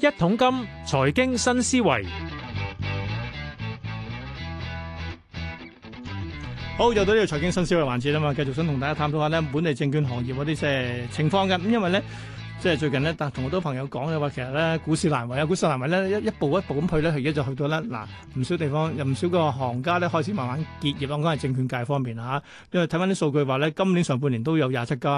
一桶金財經新思維，好又到呢個財經新思維環節啦嘛，繼續想同大家探討下咧本地證券行業嗰啲即情況嘅，咁因為呢。即係最近咧，但同好多朋友講嘅話，其實咧股市難為，呀股市難為咧，一一步一步咁去咧，而家就去到咧，嗱，唔少地方有唔少個行家咧開始慢慢結業，講緊係證券界方面嚇、啊。因為睇翻啲數據話咧，今年上半年都有廿七間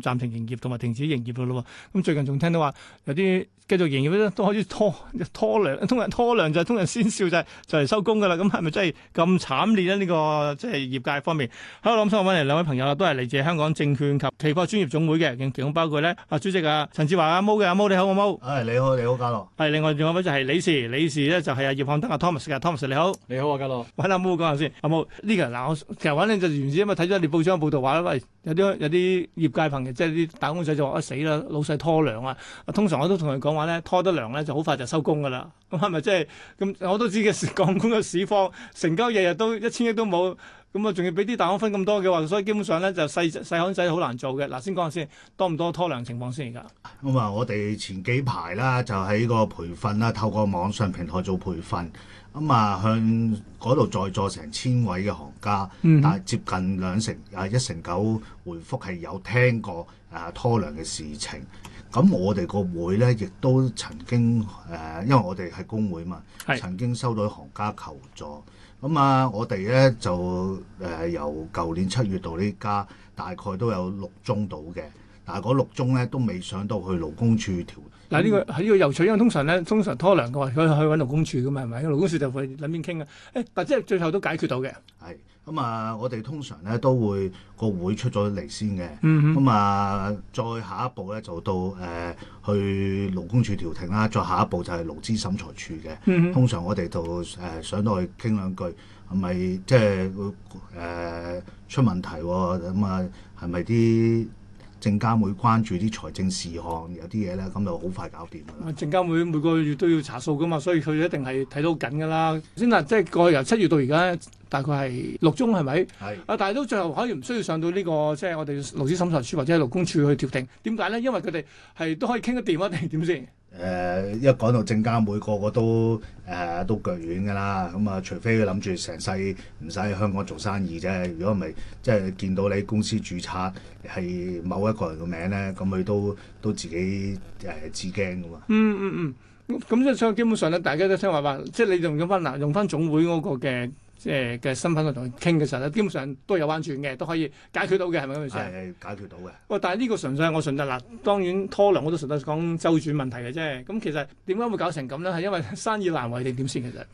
暫停營業同埋停止營業嘅咯。咁最近仲聽到話有啲。繼續營業都開始拖拖糧，通常拖糧就係通常先兆就係、這個、就嚟收工噶啦，咁係咪真係咁慘烈咧？呢個即係業界方面，好，我咁想搵嚟兩位朋友啊，都係嚟自香港證券及期貨專業總會嘅，其中包括咧啊，主席啊，陳志華啊，阿毛嘅，阿毛你好，阿、啊、毛，係你好，你 好楽，嘉樂，係另外仲有位就係理事，理事咧就係阿葉漢德阿 Thomas 啊，Thomas 你好，你好啊，嘉樂，搵阿毛講下先講講講，阿毛呢個嗱，我其實搵你就原先因為，睇咗你報章報道話咧，喂，有啲有啲業界朋友即係啲打工仔就話、啊、死啦，老細拖糧啊，通常我都同佢講。拖得糧咧就好快就收工噶啦，咁係咪即係咁？我都知嘅市港嗰個市況成交日日都一千億都冇，咁啊仲要俾啲大行分咁多嘅話，所以基本上咧就細細行仔好難做嘅。嗱，先講下先，多唔多拖糧情況先而家。咁啊，我哋前幾排啦，就喺個培訓啦，透過網上平台做培訓，咁啊向嗰度在座成千位嘅行家，mm hmm. 但係接近兩成啊一成九回覆係有聽過啊拖糧嘅事情。咁我哋個會咧，亦都曾經誒、呃，因為我哋係工會嘛，是曾經收到行家求助。咁、嗯、啊，我哋咧就誒、呃、由舊年七月到呢家，大概都有六宗到嘅。但係嗰六宗咧都未上到去勞工處調。嗱、嗯，呢、這個係呢、這個又取，因為通常咧，通常拖糧嘅話，佢去揾勞工處嘅嘛，係咪？勞工處就會諗邊傾啊？誒、哎，但即係最後都解決到嘅。係。咁啊，我哋通常咧都會個會出咗嚟先嘅，咁啊、mm，hmm. 再下一步咧就到誒、呃、去勞工處調停啦，再下一步就係勞資審裁處嘅。Mm hmm. 通常我哋就誒上到去傾兩句，係咪即係會誒出問題喎、哦？咁啊，係咪啲？證監會關注啲財政事項有啲嘢咧，咁就好快搞掂噶啦。證監會每個月都要查數噶嘛，所以佢一定係睇到緊噶啦。先嗱，即係過去由七月到而家，大概係六宗係咪？係啊，但係都最後可以唔需要上到呢個，即係我哋勞資審查處或者勞工處去調停。點解咧？因為佢哋係都可以傾得掂啊，定係點先？誒一講到證監會，每個個都誒、呃、都腳軟噶啦。咁啊，除非佢諗住成世唔使喺香港做生意啫。如果唔係，即係見到你公司註冊係某一個人嘅名咧，咁佢都都自己誒知、呃、驚噶嘛。嗯嗯嗯。咁咁即所以基本上咧，大家都聽話話，即係你用緊翻嗱，用翻總會嗰個嘅。即係嘅身份去同佢傾嘅時候咧，基本上都有彎轉嘅，都可以解決到嘅，係咪咁嘅意思？解決到嘅。喂，但係呢個純粹係我順德嗱，當然拖糧我都順德講周轉問題嘅啫。咁其實點解會搞成咁咧？係因為生意難為你點先其實？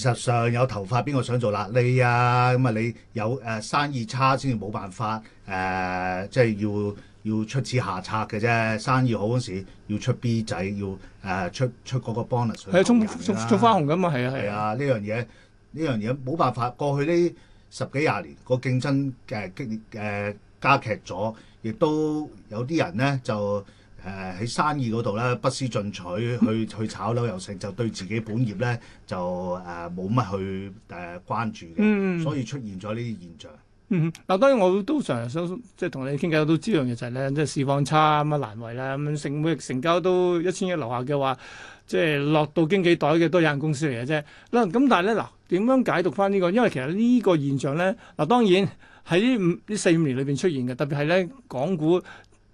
事實上有頭髮邊個想做喇你啊？咁啊，你有誒生意差先至冇辦法誒，即、呃、係、就是、要要出此下策嘅啫。生意好嗰時要出 B 仔，要誒出出嗰個 bonus 係啊，充充花紅㗎嘛，係啊，係啊，呢樣嘢。呢樣嘢冇辦法，過去呢十幾廿年，個競爭誒激烈誒加劇咗，亦都有啲人咧就誒喺、呃、生意嗰度咧不思進取，去去炒樓又盛，就對自己本業咧就誒冇乜去誒、呃、關注嘅，嗯、所以出現咗呢啲現象。嗯，嗱、嗯、當然我都常常想即係同你傾偈都知樣嘅就係、是、咧，即係市況差咁啊難為啦，咁成每成交都一千一樓下嘅話。即係落到經紀袋嘅都有限公司嚟嘅啫。嗱，咁但係咧，嗱，點樣解讀翻呢個？因為其實呢個現象咧，嗱，當然喺五、呢四五年裏邊出現嘅，特別係咧港股。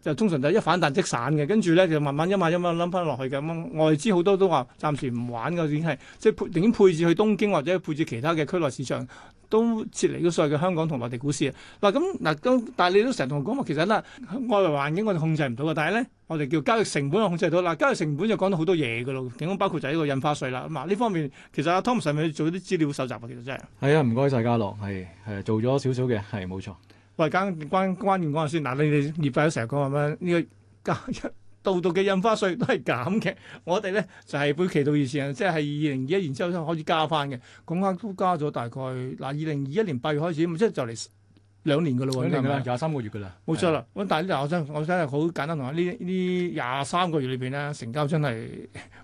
就通常就一反彈即散嘅，跟住咧就慢慢一晚一晚冧翻落去咁。外資好多都話暫時唔玩嘅，已經係即係配置去東京或者配置其他嘅區內市場，都撤離咗所有嘅香港同內地股市。嗱咁嗱咁，但係你都成日同我講話，其實啦，外圍環境我哋控制唔到嘅，但係咧我哋叫交易成本控制到。嗱交易成本就講到好多嘢嘅咯，點講包括就係呢個印花稅啦。咁啊呢方面其實阿 Tom 上面做啲資料搜集，其實真係係啊，唔該晒家樂，係誒做咗少少嘅，係冇錯。喂，講關關鍵嗰陣時，嗱你哋業費都成日講話咩？呢個加一度度嘅印花稅都係減嘅。我哋咧就係、是、短期到以前，即係二零二一年之後先開始加翻嘅，咁樣都加咗大概嗱，二零二一年八月開始，咁即係就嚟。兩年噶啦，廿三個月噶啦，冇錯啦。咁是的 但係呢啲，我想，我想係好簡單同你呢呢廿三個月裏邊咧，成交真係，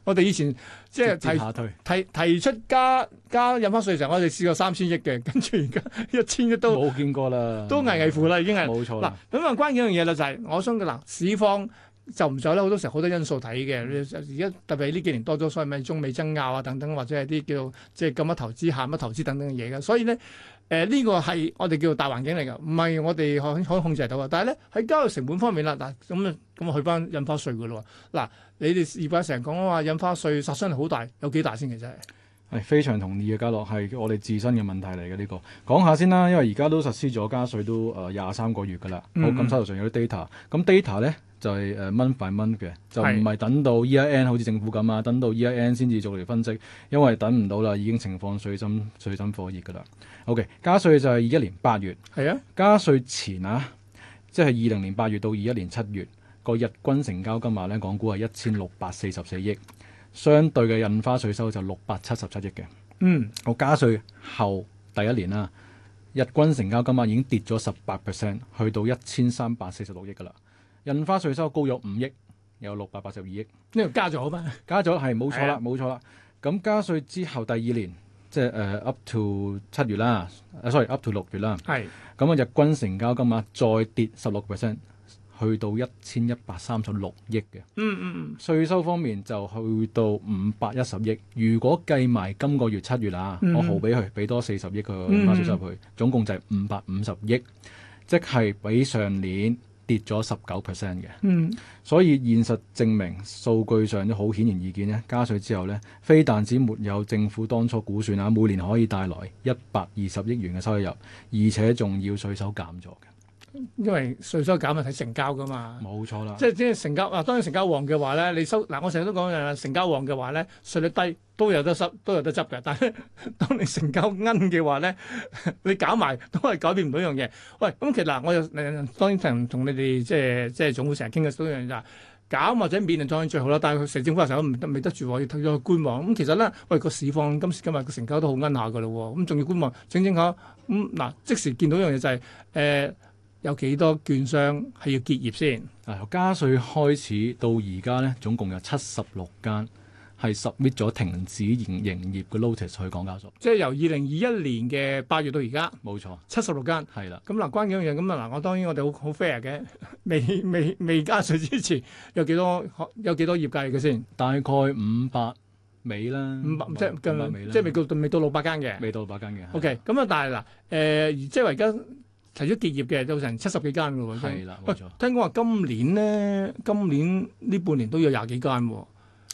我哋以前即係提提提出加加印花稅嘅時候，我哋試過三千億嘅，跟住而家一千億都冇見過啦，都危危乎啦，已經係冇錯啦。咁啊錯，關鍵一樣嘢啦，就係、是，我想嘅嗱，市況。就唔使咧？好多時候好多因素睇嘅。而家特別呢幾年多咗，所以咩中美爭拗啊，等等，或者係啲叫做即係咁乜投資、下乜投資等等嘅嘢嘅。所以呢，誒、呃、呢、呢個係我哋叫做大環境嚟㗎，唔係我哋可以控制到嘅。但係呢，喺交易成本方面啦，嗱咁咁去翻印花稅㗎啦。嗱、啊，你哋而家成日講話印花稅殺傷力好大，有幾大先？其實係非常同意嘅，家樂係我哋自身嘅問題嚟嘅呢個講下先啦。因為而家都實施咗加稅都誒廿三個月㗎啦。好咁，收台上有啲 data，咁 data 咧。嗯就係誒掹快掹嘅，就唔係等到 E.I.N 好似政府咁啊，等到 E.I.N 先至做嚟分析，因為等唔到啦，已經情況水深水深火熱㗎啦。O.K. 加稅就係二一年八月係啊，加稅前啊，即係二零年八月到二一年七月個日均成交金額呢，港股係一千六百四十四億，相對嘅印花稅收就六百七十七億嘅。嗯，我加稅後第一年啦，日均成交金額已經跌咗十八 percent，去到一千三百四十六億㗎啦。印花稅收高咗五億，有六百八十二億。呢度加咗好咩？加咗，係冇錯啦，冇、哎、呀錯啦。咁加稅之後第二年，即係誒、uh, up to 七月啦，sorry up to 六月啦。係咁啊，日均成交金額再跌十六 percent，去到一千一百三十六億嘅。嗯嗯嗯。稅收方面就去到五百一十億。如果計埋今個月七月啊，嗯嗯我豪俾佢，俾多四十億佢嘅印花稅收入去，嗯嗯總共就係五百五十億，即係比上年。跌咗十九 percent 嘅，嗯、所以現實證明數據上都好顯然易見咧，加稅之後咧，非但只沒有政府當初估算啊，每年可以帶來一百二十億元嘅收入，而且仲要稅收減咗嘅。因為稅收減咪睇成交㗎嘛，冇錯啦。即係即係成交啊，當然成交旺嘅話咧，你收嗱，我成日都講啊，成交旺嘅話咧，稅率低都有得收都有得執嘅。但係當你成交奀嘅話咧， 你搞埋都係改變唔到一樣嘢、就係。喂，咁其實嗱，我誒當天同你哋即係即係總會成日傾嘅，都一樣就係減或者免，當然最好啦。但係成政府又成日都未得住喎，要退咗去觀望。咁其實咧，喂，個市況今時今日個成交都好奀下㗎咯喎，咁仲要觀望整整下咁嗱，即時見到一樣嘢就係誒。有幾多券商係要結業先？啊，由加稅開始到而家咧，總共有七十六間係 submit 咗停止營營業嘅 notice 去港交所。即係由二零二一年嘅八月到而家，冇錯，七十六間係啦。咁嗱的、嗯啊，關鍵一樣嘢咁啊嗱，我當然我哋好好 fair 嘅，未未未加稅之前有幾多有幾多業界嘅先？大概五百尾啦，五百 500, 不即係即係未到未到六百間嘅，未到六百間嘅。間 OK，咁、嗯、啊、嗯，但係嗱，誒、呃呃，即係而家。除咗結業嘅有成七十幾間嘅喎，係啦，聽講話今年咧，今年呢半年都有廿幾間喎。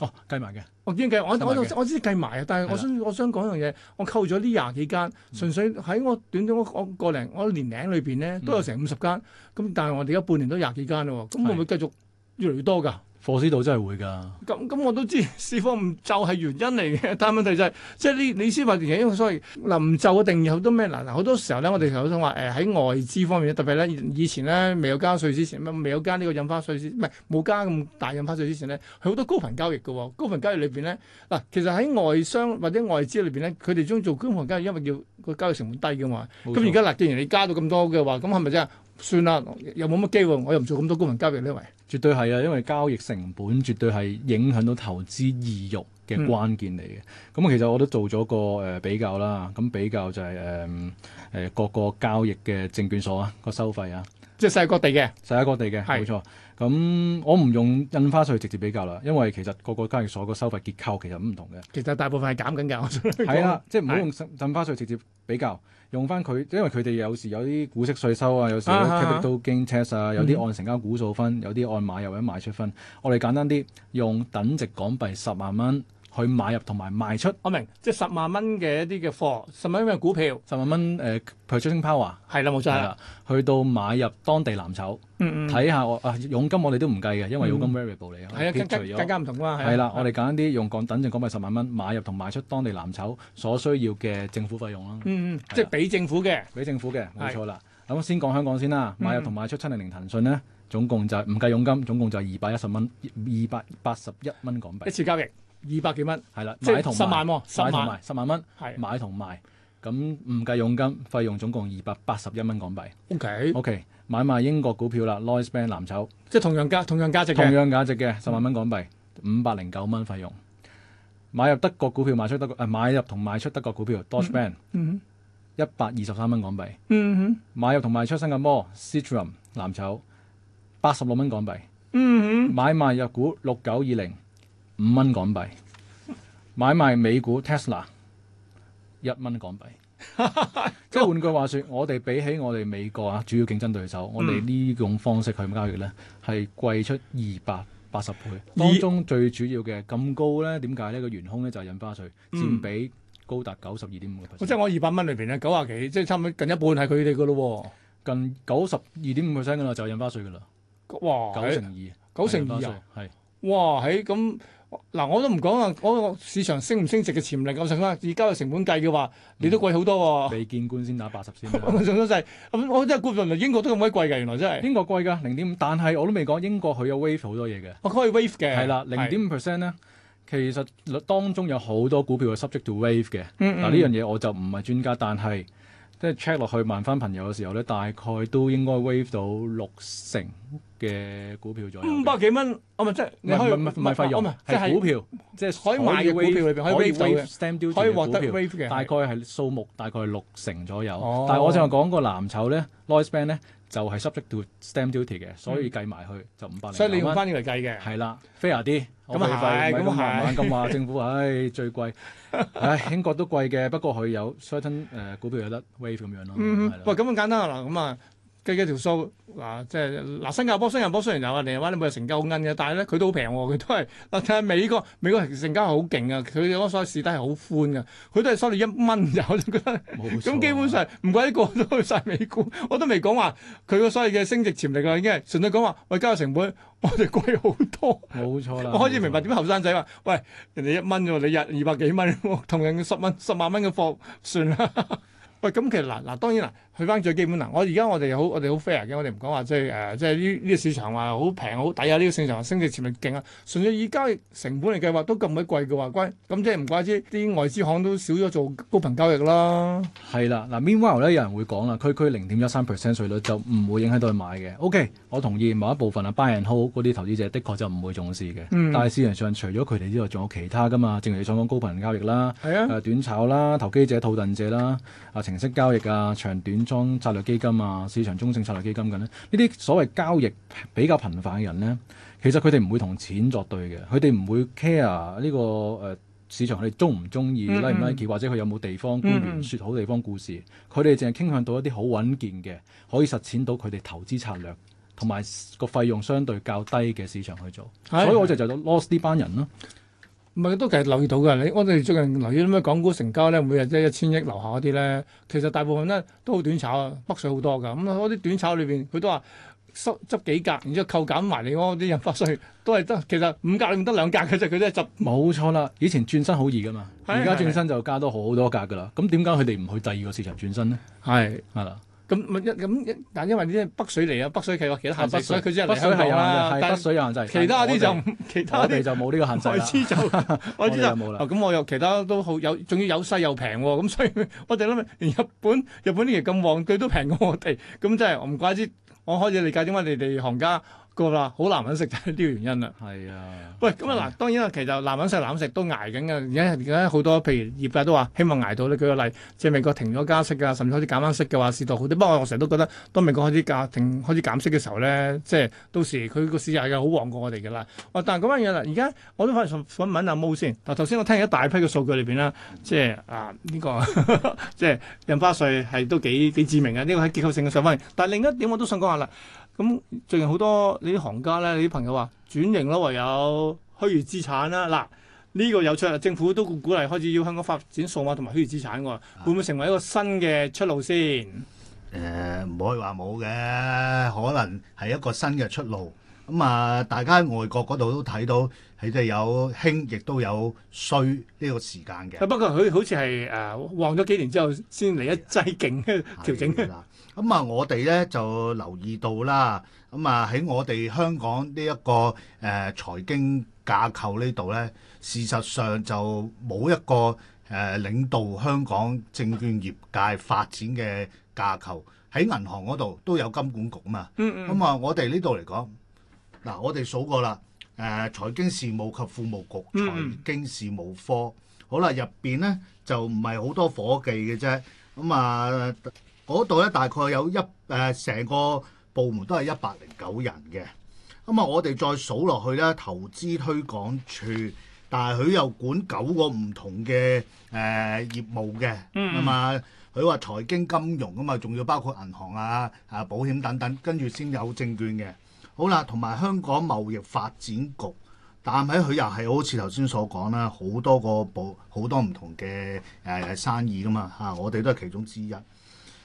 哦，計埋嘅，我已經計，我我我知計埋啊。但係我想的我想講一樣嘢，我扣咗呢廿幾間，純粹喺我短短我我個零我年零裏邊咧都有成五十間。咁的但係我哋而家半年都廿幾間咯，咁會唔會繼續越嚟越多㗎？貨市度真係會㗎，咁咁我都知市況唔就係、是、原因嚟嘅，但問題就係、是、即係你你先話點解？所以嗱唔就嘅定義好多咩？嗱嗱好多時候咧，我哋頭想話誒喺外資方面特別咧以前咧未有加稅之前，未有加呢個印花稅之前，唔係冇加咁大印花稅之前咧，佢好多高頻交易嘅喎、哦，高頻交易裏邊咧嗱，其實喺外商或者外資裏邊咧，佢哋鍾意做高頻交易，因為要個交易成本低嘅嘛。咁而家嗱，既然你加到咁多嘅話，咁係咪啫？算啦，又冇乜機會，我又唔做咁多高頻交易呢位。絕對係啊，因為交易成本絕對係影響到投資意欲嘅關鍵嚟嘅。咁、嗯、其實我都做咗個誒比較啦，咁比較就係誒誒各個交易嘅證券所啊個收費啊，即係世界各地嘅，世界各地嘅，係，冇錯。咁我唔用印花稅直接比較啦，因為其實個個交易所個收費結構其實唔同嘅。其實大部分係減緊㗎，我係啦，即係唔好用印花稅直接比較。用翻佢，因為佢哋有時有啲股息稅收啊，有時有啲 capital gain tax 啊，有啲按成交股數分，有啲按買入或者賣出分。我哋簡單啲，用等值港幣十萬蚊。去買入同埋賣出，我明即係十萬蚊嘅一啲嘅貨，十萬蚊嘅股票，十萬蚊誒 purchasing power 係啦，冇錯係啦，去到買入當地藍籌，睇下我啊傭金，我哋都唔計嘅，因為佣金 variable 嚟嘅，係啊，更加唔同啊嘛，係啦，我哋揀啲用港等值港幣十萬蚊買入同賣出當地藍籌所需要嘅政府費用啦，即係俾政府嘅，俾政府嘅冇錯啦。咁先講香港先啦，買入同賣出七零零騰訊咧，總共就唔計佣金，總共就二百一十蚊，二百八十一蚊港幣一次交易。二百幾蚊係啦，即係十萬，十萬，十萬蚊，係買同賣，咁唔計佣金費用，總共二百八十一蚊港幣。O K，O K，買埋英國股票啦，Lloyds Bank 藍籌，即係同樣價，同樣價值，同樣價值嘅十萬蚊港幣，五百零九蚊費用。買入德國股票，賣出德國，誒，買入同賣出德國股票 Deutsche Bank，嗯，一百二十三蚊港幣。嗯，買入同賣出新加坡 Citrum 藍籌，八十六蚊港幣。嗯哼，買賣入股六九二零。五蚊港幣買賣美股 Tesla 一蚊港幣。 即係換句話說，我哋比起我哋美國啊主要競爭對手，我哋呢種方式去交易咧，係貴出二百八十倍。當中最主要嘅咁高咧，點解呢？個元兇咧就係印花稅佔比高達九十二點五個 percent。即係我二百蚊裏邊咧，九啊幾，即係差唔多近一半係佢哋嘅咯。近九十二點五個 percent 嘅啦，就係印花稅嘅啦。哇嘩，九成二，九成二啊，係哇喺咁。嗱，我都唔講啊！嗰個市場升唔升值嘅潛力咁上下，而家嘅成本計嘅話，你都貴好多喎、哦。未、嗯、見官先打八十先。咁真係，我真係估唔到英國都咁鬼貴㗎，原來真係。英國貴㗎，零點五，但係我都未講英國佢有 waive 好多嘢嘅、哦。可以 waive 嘅。係啦，零點五 percent 咧，呢是其實當中有好多股票係 subject to waive 嘅。嗱、嗯嗯，呢樣嘢我就唔係專家，但係。即係 check 落去問翻朋友嘅時候咧，大概都應該 waive 到六成嘅股票左右。五百幾蚊唔係，即係你可以唔係，唔係費用，係股票，即係可以買嘅股票裏邊可以 waive 嘅，可以獲得 waive 嘅票的，大概係數目大概係六成左右。哦、但係我上講個藍籌咧，noise band 咧。就係 subject to stamp duty 嘅，所以計埋去就五百零蚊。所以你用翻呢個嚟計嘅。係啦，fair 啲是。咁啊不，唔咁行晚咁話政府，唉、哎、最貴，唉、 哎、英國都貴嘅，不過佢有 certain 誒、呃、股票有得 wave 咁樣咯、嗯的嗯。嗯，喂、嗯，咁簡單啊咁啊。條數啊，即係嗱，新加坡，新加坡雖然有啊，你話你每日成交好奀嘅，但係咧佢都好平，佢都係嗱。但係美國，美國成交好勁啊，佢嗰所謂市底係好寬嘅，佢都係收你一蚊，我就覺得，冇咁基本上唔怪得個都去晒美股，我都未講話佢嘅所謂嘅升值潛力啊，已經係純粹講話喂，交易成本我哋貴好多，冇錯啦。我開始明白點解後生仔話，喂人哋一蚊，你入二百幾蚊，同樣嘅十蚊，十萬蚊嘅貨算啦。喂，咁其實嗱嗱、啊、當然啦，去翻最基本啦、啊。我而家我哋好我哋好 fair 嘅，我哋唔講話即係誒即係呢呢個市場話好平好抵啊！呢、呢個市場話升跌潛力勁啊！純粹以交易成本嚟計劃都咁鬼貴嘅話，貴咁即係唔怪之啲外資行都少咗做高頻交易啦。係啦，嗱、啊、Meanwhile 咧，有人會講啦，區區零點一三 percent 稅率就唔會影響到去買嘅。OK，我同意某一部分啊 buy and hold 嗰啲投資者的確就唔會重視嘅。嗯、但係市場上除咗佢哋之外，仲有其他噶嘛？正如你所講，高頻交易啦，係的啊，短炒啦，投機者套戥者啦，啊啊程式交易啊、長短倉策略基金啊、市場中性策略基金咁咧，呢啲所謂交易比較頻繁嘅人呢，其實佢哋唔會同錢作對嘅，佢哋唔會 care 呢、呢個誒、呃、市場佢哋中唔中意 like 唔 like，或者佢有冇地方官員説、mm hmm. 好地方故事，佢哋淨係傾向到一啲好穩健嘅，可以實踐到佢哋投資策略同埋個費用相對較低嘅市場去做，的所以我就就 loss 呢班人咯。唔係，都其實都留意到噶。你我哋最近留意啲咩？港股成交咧，每日即係一千億樓下嗰啲咧。其實大部分咧都好短炒啊，北水好多噶。咁嗰啲短炒裏邊，佢都話收執幾格，然之後扣減埋你嗰啲印花稅，都係得。其實五格你唔得兩格嘅啫，佢都係執。冇錯啦，以前轉身好易噶嘛，而家轉身就加多好多格噶啦。咁點解佢哋唔去第二個市場轉身呢？係係啦。咁咪一咁一，但因為啲北水嚟啊，北水其實有其他限制。北水佢即係嚟香港啦，但北水有限制，限制其他啲就們其他啲就冇呢個限制 我知就我知就咁我又其他都好有，仲要有勢又平喎、哦。咁所以我哋諗，連日本日本啲嘢咁旺，佢都平過我哋。咁真係唔怪之，我開始理解點解你哋行家。好難揾食就係呢個原因啦。係啊，喂，咁啊嗱，當然啊，其實難揾食難揾食都捱緊嘅。而家而家好多譬如業界都話希望捱到你舉個例，即係美國停咗加息啊，甚至開始減翻息嘅話，市道好啲。不過我成日都覺得，當美國開始加停開始減息嘅時候咧，即係到時佢個市係嘅好旺過我哋嘅啦。但係咁樣嘢啦，而家我都翻嚟想問問阿毛先。嗱，頭先我聽一大批嘅數據裏邊啦，即係啊呢、呢個 即係印花稅係都幾幾致命啊，呢、呢個喺結構性嘅上方，但係另一點我都想講下啦。咁最近好多你啲行家咧，你啲朋友話轉型咯，唯有虛擬資產啦。嗱，呢、呢個有出嚟，政府都鼓勵開始要香港發展數碼同埋虛擬資產喎。會唔會成為一個新嘅出路先？誒、嗯，唔可以話冇嘅，可能係一個新嘅出路。咁、嗯、啊，大家喺外國嗰度都睇到係即係有興，亦都有衰呢個時間嘅、啊。不過佢好似係誒旺咗幾年之後，先嚟一劑勁調整。咁啊，我哋咧就留意到啦。咁啊，喺我哋香港呢、這、一個誒、呃、財經架構呢度咧，事實上就冇一個誒、呃、領導香港證券業界發展嘅架構。喺銀行嗰度都有金管局嘛。嗯嗯。咁啊，我哋呢度嚟講，嗱，我哋數過啦。誒、呃，財經事務及庫務局財經事務科。嗯嗯，好啦，入邊咧就唔係好多伙計嘅啫。咁啊。嗰度咧，大概有一誒成、呃、個部門都係一百零九人嘅。咁啊！我哋再數落去咧，投資推廣署，但係佢又管九個唔同嘅誒、呃、業務嘅啊嘛。佢話財經金融啊嘛，仲要包括銀行啊、啊保險等等，跟住先有證券嘅。好啦，同埋香港貿易發展局，但係佢又係好似頭先所講啦，好多個部，好多唔同嘅誒、呃、生意噶嘛嚇、啊。我哋都係其中之一。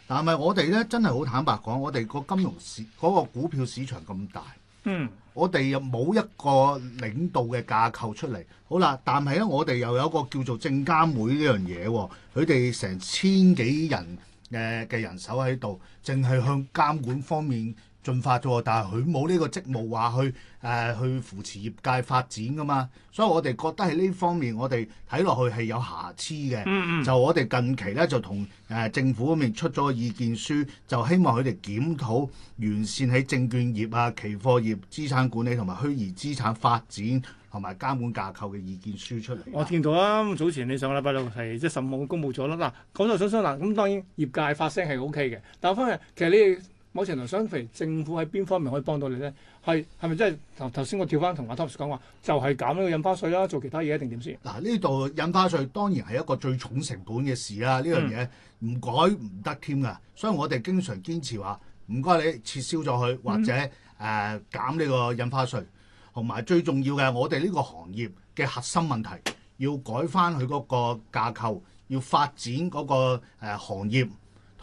但係我哋咧真係好坦白講，我哋個金融市嗰、嗰個股票市場咁大，嗯，我哋又冇一個領導嘅架構出嚟，好啦，但係咧我哋又有一個叫做證監會呢樣嘢、哦，佢哋成千幾人嘅嘅人手喺度，淨係向監管方面進發咗，但係佢冇呢個職務話去誒、呃、去扶持業界發展㗎嘛，所以我哋覺得喺呢方面我哋睇落去係有瑕疵嘅。嗯嗯，就我哋近期咧就同誒、呃、政府嗰邊出咗意見書，就希望佢哋檢討完善喺證券業啊、期貨業、資產管理同埋虛擬資產發展同埋監管架構嘅意見書出嚟。我見到啊，早前你上個禮拜六係即係十五號公佈咗啦。嗱，講到想想喇，咁當然業界發聲係 OK 嘅，但係翻嚟其實呢。某程度上，譬如政府喺邊方面可以幫到你咧？係係咪真係頭頭先我跳翻同阿 Thomas 講話，就係、是、減呢個印花稅啦，做其他嘢一定點先？嗱，呢度、啊、印花稅當然係一個最重成本嘅事啦、啊，呢、嗯、樣嘢唔改唔得添㗎。所以我哋經常堅持話，唔該你撤銷咗佢，或者誒、嗯呃、減呢個印花稅，同埋最重要嘅，我哋呢個行業嘅核心問題要改翻佢嗰個架構，要發展嗰、那個、呃、行業。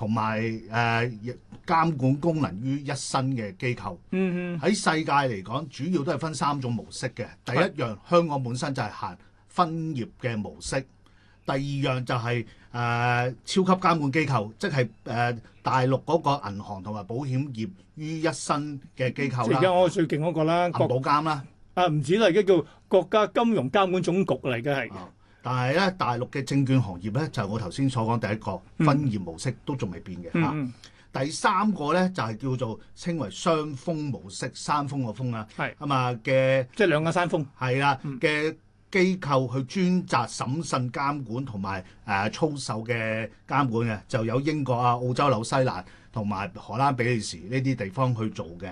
同埋誒監管功能於一身嘅機構，喺、mm hmm. 世界嚟講，主要都係分三種模式嘅。第一樣，香港本身就係行分業嘅模式，第二樣就係、是、誒、呃、超級監管機構，即係誒、呃、大陸嗰個銀行同埋保險業於一身嘅機構，而家我最勁嗰個啦，銀保監啦。啊，唔止啦，而家叫國家金融監管總局嚟嘅係。但係咧，大陸嘅證券行業咧，就係我頭先所講第一個分業模式都仲未變嘅嚇。第三個咧，就係叫做稱為雙峯模式，山峯嘅峯啊，係咁啊嘅，即係兩個山峯係啦嘅機構去專責審慎監管同埋誒操守嘅監管嘅，就有英國啊、澳洲、紐西蘭同埋荷蘭比利時呢啲地方去做嘅。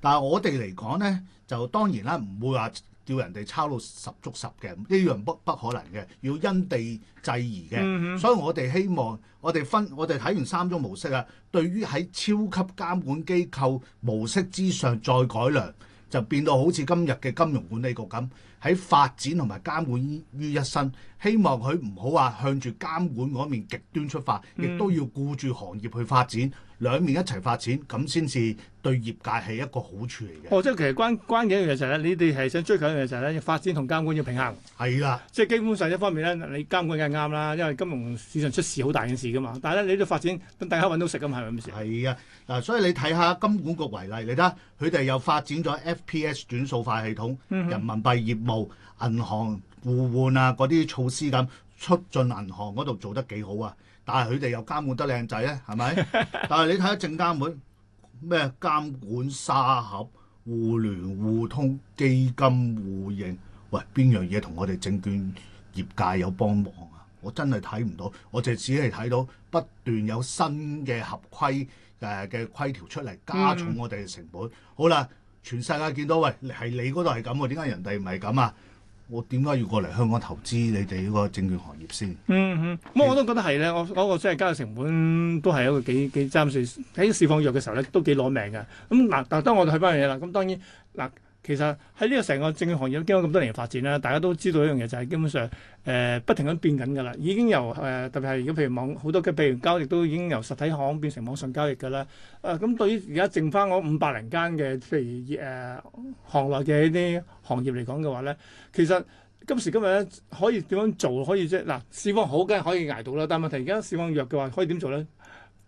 但係我哋嚟講咧，就當然啦，唔會話。叫人哋抄到十足十嘅呢樣，不不可能嘅，要因地制宜嘅。Mm hmm. 所以我哋希望我哋分我哋睇完三種模式啊。對於喺超級監管機構模式之上再改良，就變到好似今日嘅金融管理局咁喺發展同埋監管於一身。希望佢唔好話向住監管嗰面極端出發，亦、mm hmm. 都要顧住行業去發展。兩面一齊發展，咁先至對業界係一個好處嚟嘅。哦，即係其實關關鍵嘅其實咧，你哋係想追求一樣嘢就係咧，發展同監管要平衡。係啦、啊，即係基本上一方面咧，你監管梗係啱啦，因為金融市場出事好大件事噶嘛。但係咧，你都發展，等大家揾到食咁係咪咁先？係啊，嗱，所以你睇下金管局為例，你睇佢哋又發展咗 FPS 轉數快系統、人民幣業務、銀行互換啊嗰啲措施咁，出進銀行嗰度做得幾好啊！但係佢哋又監管得靚仔咧，係咪？但係你睇下證監會咩監管沙盒、互聯互通、基金互認，喂，邊樣嘢同我哋證券業界有幫忙啊？我真係睇唔到，我就只係睇到不斷有新嘅合規誒嘅、呃、規條出嚟，加重我哋嘅成本。嗯、好啦，全世界見到，喂，係你嗰度係咁喎，點解人哋唔係咁啊？我點解要過嚟香港投資你哋呢個證券行業先？嗯嗯，咁我都覺得係咧，我嗰個即係交易成本都係一個幾幾爭説喺釋放藥嘅時候咧都幾攞命㗎。咁、嗯、嗱，但、嗯、當、啊、我睇翻嘢啦，咁、嗯、當然嗱。啊其實喺呢個成個證券行業經過咁多年嘅發展啦，大家都知道一樣嘢就係基本上誒、呃、不停咁變緊㗎啦。已經由誒、呃、特別係而家譬如網好多嘅譬如交易都已經由實體行變成網上交易㗎啦。誒、呃、咁對於而家剩翻嗰五百零間嘅譬如誒、呃、行、行內嘅一啲行業嚟講嘅話咧，其實今時今日咧可以點樣做可以啫？嗱、啊，市況好梗係可以捱到啦。但問題而家市況弱嘅話，可以點做咧？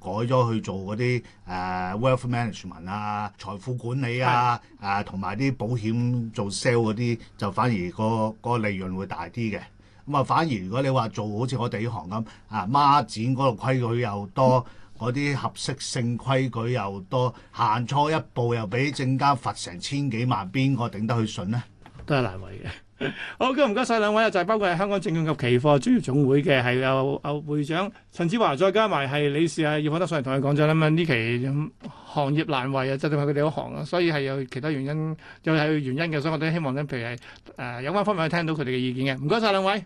改咗去做嗰啲誒、啊、wealth management 啊，財富管理啊，誒同埋啲保險做 sale 嗰啲，就反而、個個利潤會大啲嘅。咁啊，反而如果你話做好似我哋呢行咁啊，孖展嗰度規矩又多，嗰啲合適性規矩又多，行錯一步又俾證監罰成千幾萬，邊個頂得去順呢？都係難為嘅。 好咁，唔該晒兩位，就係、是、包括係香港證券及期貨專業總會嘅係有劉會長陳志華，再加埋係理事啊，葉海德上嚟同佢講咗啦。咁呢期、嗯、行業難為啊，就係佢哋一行啊，所以係有其他原因，又係、嗯、原因嘅，所以我都希望咧，譬如係誒、呃、有關方面可以聽到佢哋嘅意見嘅。唔該晒兩位。